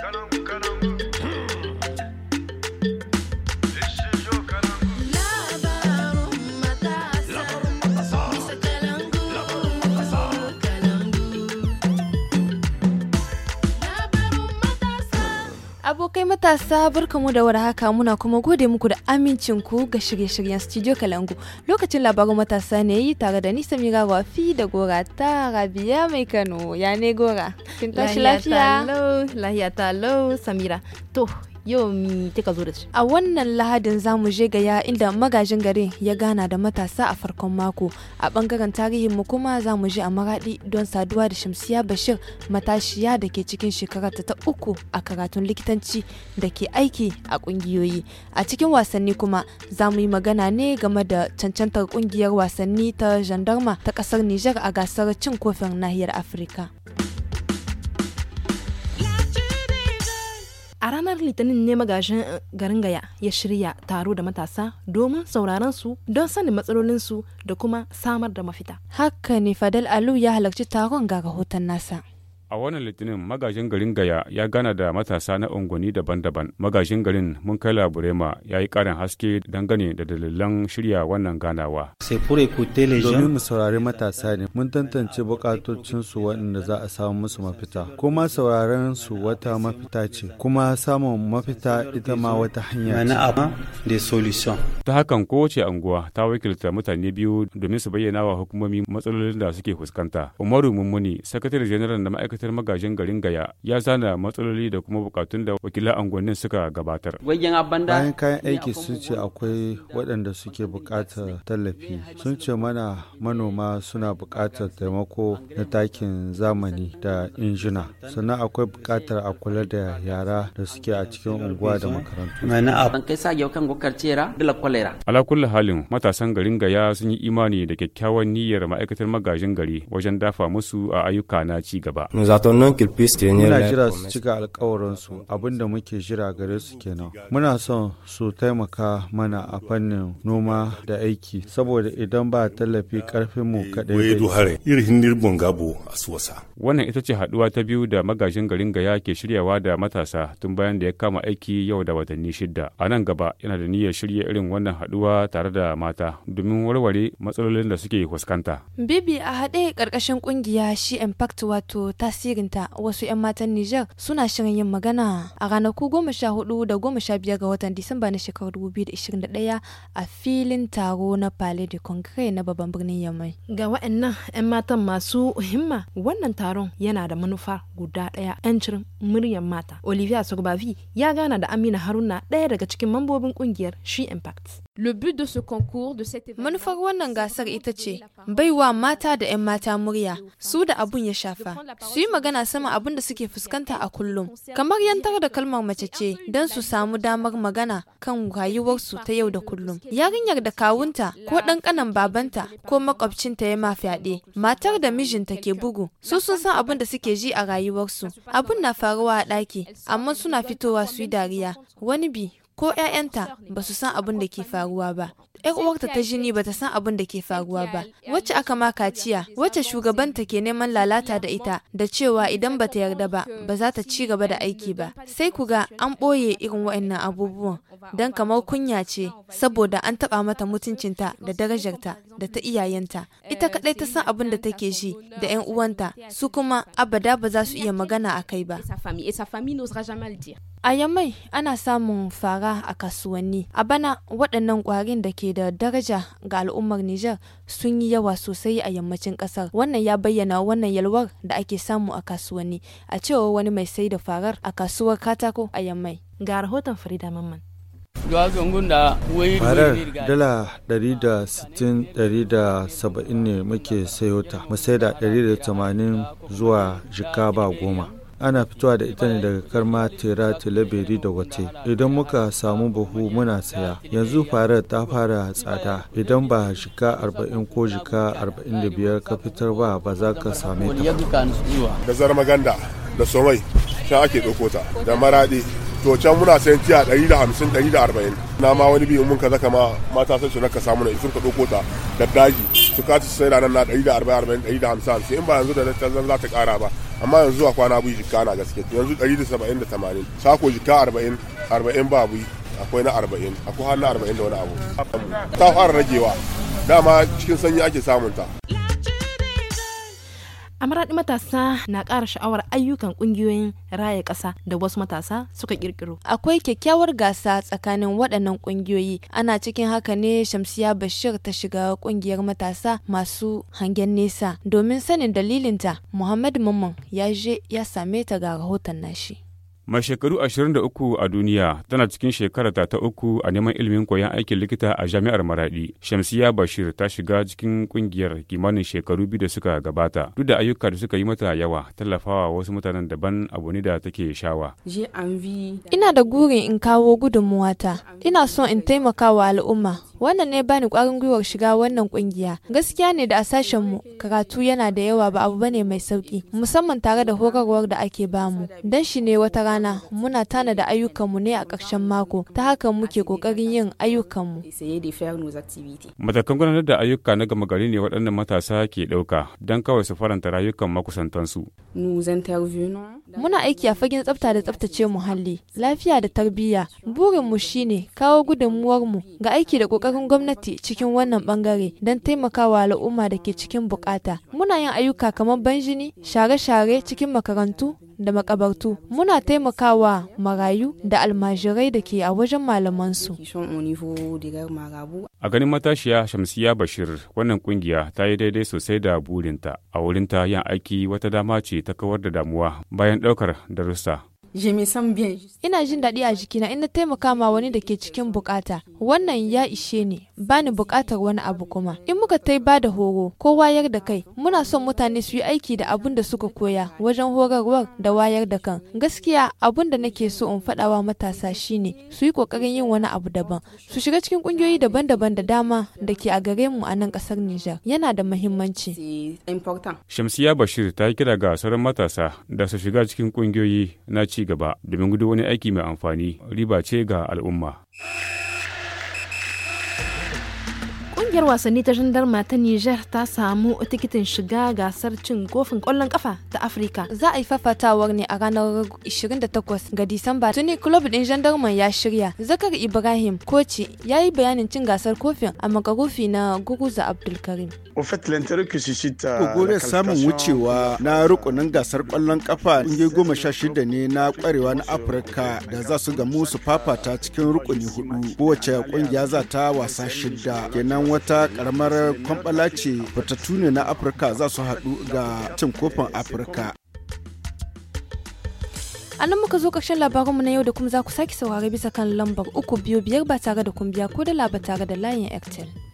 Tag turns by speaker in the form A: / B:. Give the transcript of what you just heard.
A: Don't on.
B: Abokai matasa barkamu da warhaka muna kuma gode muku da amincinku ga shirye-shiryen Studio Kalangu. Lokacin labaru matasa ne yi tare da nisa mira wafi da gora ta Rabia mai Kano. Ya ne gora? Kin tashi lafiya? Lahiya
A: ta Samira.
B: To, yau
A: mi ka zo da shi
B: a wannan lahadin za mu je gaya inda magajin garin ya gana da matasa a farkon mako a bangaren tarihin mu kuma zamu je a maradi don saduwa da shamsiya bashir matashiya da ke cikin shekarar ta uku a karatun likitanci da ke aiki a kungiyoyi a cikin wasanni kuma za mu yi magana ne game da cancantar kungiyar wasanni ta gendarma ta kasar niger a gasar cin kofin nahiyar afirka A ranar Litinin ne magajin
A: eh, garin Gaya ya shirya taro da matasa domin sauraron su don sanin matsalolin
B: su da kuma samar da mafita. Haka ne Fadal Alu ya halarci taron ga rahoton nasa.
C: A wannan litinin magajin garin Gaya ya gana da matasa na unguwanni daban-daban. Magajin garin mun kai laburema ya yi karin haske dangane da dalilan shirya wannan ganawa.
D: Domin mu saurari matasa ne, mun tantance su waɗanda za a samu musu mafita. Kuma sauraren su wata mafita ce, kuma samun mafita ita ma wata hanya
C: ce. Ta hakan kowace unguwa ta wakilta mutane biyu domin su bayyana wa hukumomi matsalolin da suke fuskanta. Umaru Mummuni, sakatare janar da ma'aikata ma'aikatar magajin garin Gaya ya zana matsaloli da kuma bukatun da wakilan angonin suka gabatar. Bayan kayan aiki sun ce
D: akwai waɗanda suke buƙatar tallafi. Sun ce mana manoma suna buƙatar taimako na takin zamani da injina. Sannan akwai buƙatar a kula da yara da suke a cikin unguwa da makarantu.
C: alakulla halin matasan garin Gaya sun yi imani da kyakkyawan niyyar ma'aikatar magajin gari wajen dafa musu a ayyuka na ci gaba. Nous attendons qu'ils puissent tenir Muna jira
D: su cika alkawarinsu abinda muke jira gare su kenan. Muna son su taimaka mana a fannin noma da aiki saboda idan ba tallafi karfin mu kadai.
C: Wannan ita ce haduwa ta biyu da magajin garin Gaya ke shiryawa da matasa tun bayan da ya kama aiki yau da watanni shida. A nan gaba yana da niyyar shirya irin wannan haduwa tare da mata domin warware matsalolin da suke fuskanta.
B: Bibi a haɗe ƙarƙashin ƙungiya She Impact wato ta tasirinta wasu 'yan matan Nijar suna shirin yin magana a ranaku goma hudu da goma ga watan Disamba na shekarar 2021 a filin taro na Palais de Congrès na babban birnin Yamai.
A: Ga waɗannan 'yan matan masu himma wannan taron yana da manufa guda ɗaya 'yancin muryar mata. Olivia Sorbavi ya gana da Amina Haruna ɗaya daga cikin mambobin kungiyar She Impact.
B: Le but de ce concours de cette Manufar wannan gasar ita ce baiwa mata da 'yan mata murya su da abun ya shafa su yi magana sama abin da suke fuskanta a kullum. Kamar yantar da kalmar mace ce don su samu damar magana kan rayuwarsu ta yau da kullum. Yarinyar da kawunta ko ɗan ƙanan babanta ko makwabcinta ya ma fyaɗe, matar da mijinta ke bugu, su sun san abin da suke ji a rayuwarsu. Abin na faruwa a ɗaki, amma suna fitowa su yi dariya. Wani bi ko 'ya'yanta ba su san abin da ke faruwa ba 'yan uwarta ta jini bata san abin da ke faruwa ba wacce aka ma kaciya wacce shugabanta ke neman lalata da ita da cewa idan bata yarda ba ba za ta ci gaba da aiki ba sai ku ga an ɓoye irin wa'annan abubuwan don kamar kunya ce saboda an taɓa mata mutuncinta da darajarta da ta iyayenta ita kaɗai ta san abin da take ji da 'yan uwanta su kuma abada ba za su iya magana a kai ba A yammai ana samun fara a kasuwanni. A bana waɗannan ƙwarin da ke da daraja ga al'ummar Nijar sun yi yawa sosai a yammacin ƙasar. Wannan ya bayyana wannan yalwar da ake samu a kasuwanni, a cewa wani mai sai da farar a kasuwar katako a yammai. Ga rahoton Farida
D: Mamman. Farar dala 160-170 ne muke sayota mu sai da 180 zuwa jikaba goma. ana fitowa da ita ne daga karma tera tilaberi da wace idan muka samu buhu muna saya yanzu farar ta fara tsada idan ba shika 40 ko shika 45 ka fitar ba ba za ka same
C: ta da zarmaganda da sorai sha ake ɗauko ta da maraɗi to can muna sayan tiya 150 140 na ma wani biyu mun kaza kama mata sun shi na ka samu na isur ka ta da daji shuka ta sai ranar na 140 150 in ba yanzu da ta zan za ta kara ba amma yanzu a kwana biyu jika na gaske yanzu 170 da 80 sako jika 40 40 ba biyu akwai na 40 akwai har na 40 da wani abu ta fara ragewa dama cikin sanyi ake samunta.
A: a matasa na ƙara sha'awar ayyukan ƙungiyoyin raya ƙasa da wasu matasa suka ƙirƙiro.
B: akwai kyakkyawar gasa tsakanin waɗannan ƙungiyoyi ana cikin haka ne shamsiya bashir ta shiga ƙungiyar matasa masu hangen nesa domin sanin dalilinta muhammad mamman ya je ya same ta ga rahoton nashi
C: Mai shekaru 23 a duniya tana cikin shekarata ta uku a neman ilimin koyon aikin likita a jami'ar Maradi. Shamsiya Bashir ta shiga cikin kungiyar kimanin shekaru biyu da suka gabata. Duk da ayyuka da suka yi mata yawa, tallafawa wasu mutanen daban abu ne da take shawa.
B: Ina da gurin in kawo gudunmuwata. Ina so in taimaka wa al'umma. Wannan ne bani ƙwarin gwiwar shiga wannan kungiya Gaskiya ne da a sashen mu karatu yana da yawa ba abu bane mai sauki musamman tare da horarwar da ake bamu. Dan shi ne wata rana muna tana da ayyukan mu ne a ƙarshen mako ta haka muke kokarin yin ayyukan mu.
C: Matakan gudanar da ayyuka na gama gari ne waɗannan matasa ke ɗauka dan kawai su faranta rayukan makusantansu.
B: Muna aiki a fagen tsafta da tsaftace muhalli, lafiya da tarbiyya. burin Burinmu shine kawo mu ga aiki da ƙoƙarin gwamnati cikin wannan ɓangare don taimakawa al'umma da ke cikin bukata. Muna yin ayyuka kamar banjini, share-share cikin makarantu da makabartu. Muna taimakawa marayu da almajirai da ke a wajen malamansu.
C: A ganin matashiya Shamsiya Bashir, wannan kungiya ta yi daidai sosai da burinta. A wurinta yin aiki wata dama ce ta kawar da damuwa bayan ɗaukar darussa.
B: je me sens bien. Ina jin daɗi a jikina ina taimaka ma wani da ke cikin bukata. Wannan ya ishe ni, bani bukatar wani abu kuma. In muka ta ba da horo ko wayar da kai, muna son mutane su yi aiki da abun da suka koya wajen horarwar da wayar da kan. Gaskiya abun da nake so in faɗawa matasa shine su yi ƙoƙarin yin wani abu daban, su shiga cikin ƙungiyoyi daban-daban da dama da ke a gare mu a nan ƙasar Nijar. Yana da muhimmanci.
C: Shamsiya Bashir ta kira ga sauran matasa da su shiga cikin ƙungiyoyi na ci gaba domin gudu wani aiki mai amfani riba ce ga al'umma.
A: Ƙungiyar wasanni ta jandarma
B: ta Nijar ta samu tikitin shiga gasar cin kofin ƙwallon kafa ta Afirka. Za a yi fafatawar ne a ranar 28 ga Disamba. Tuni club ɗin jandarman ya shirya. Zakar Ibrahim Koci ya yi bayanin cin gasar kofin a makarufi na Guguza
D: Abdulkarim. Euh, Gugunar samun wucewa na rukunin gasar kwallon kafa ƙungiyoyi goma sha shida ne na ƙwarewa na Afirka da za su gamu su fafata cikin rukuni hudu. Kowace ƙungiya za ta wasa shida. Kenan wata wata karamar kwambala ce fitattu ne na afirka za su haɗu ga cin kofin afirka
B: a nan muka zo ƙarshen labarinmu na yau da kuma za ku sake saurari bisa kan lambar uku biyu biyar ba tare da kumbiya ko da laba tare da layin airtel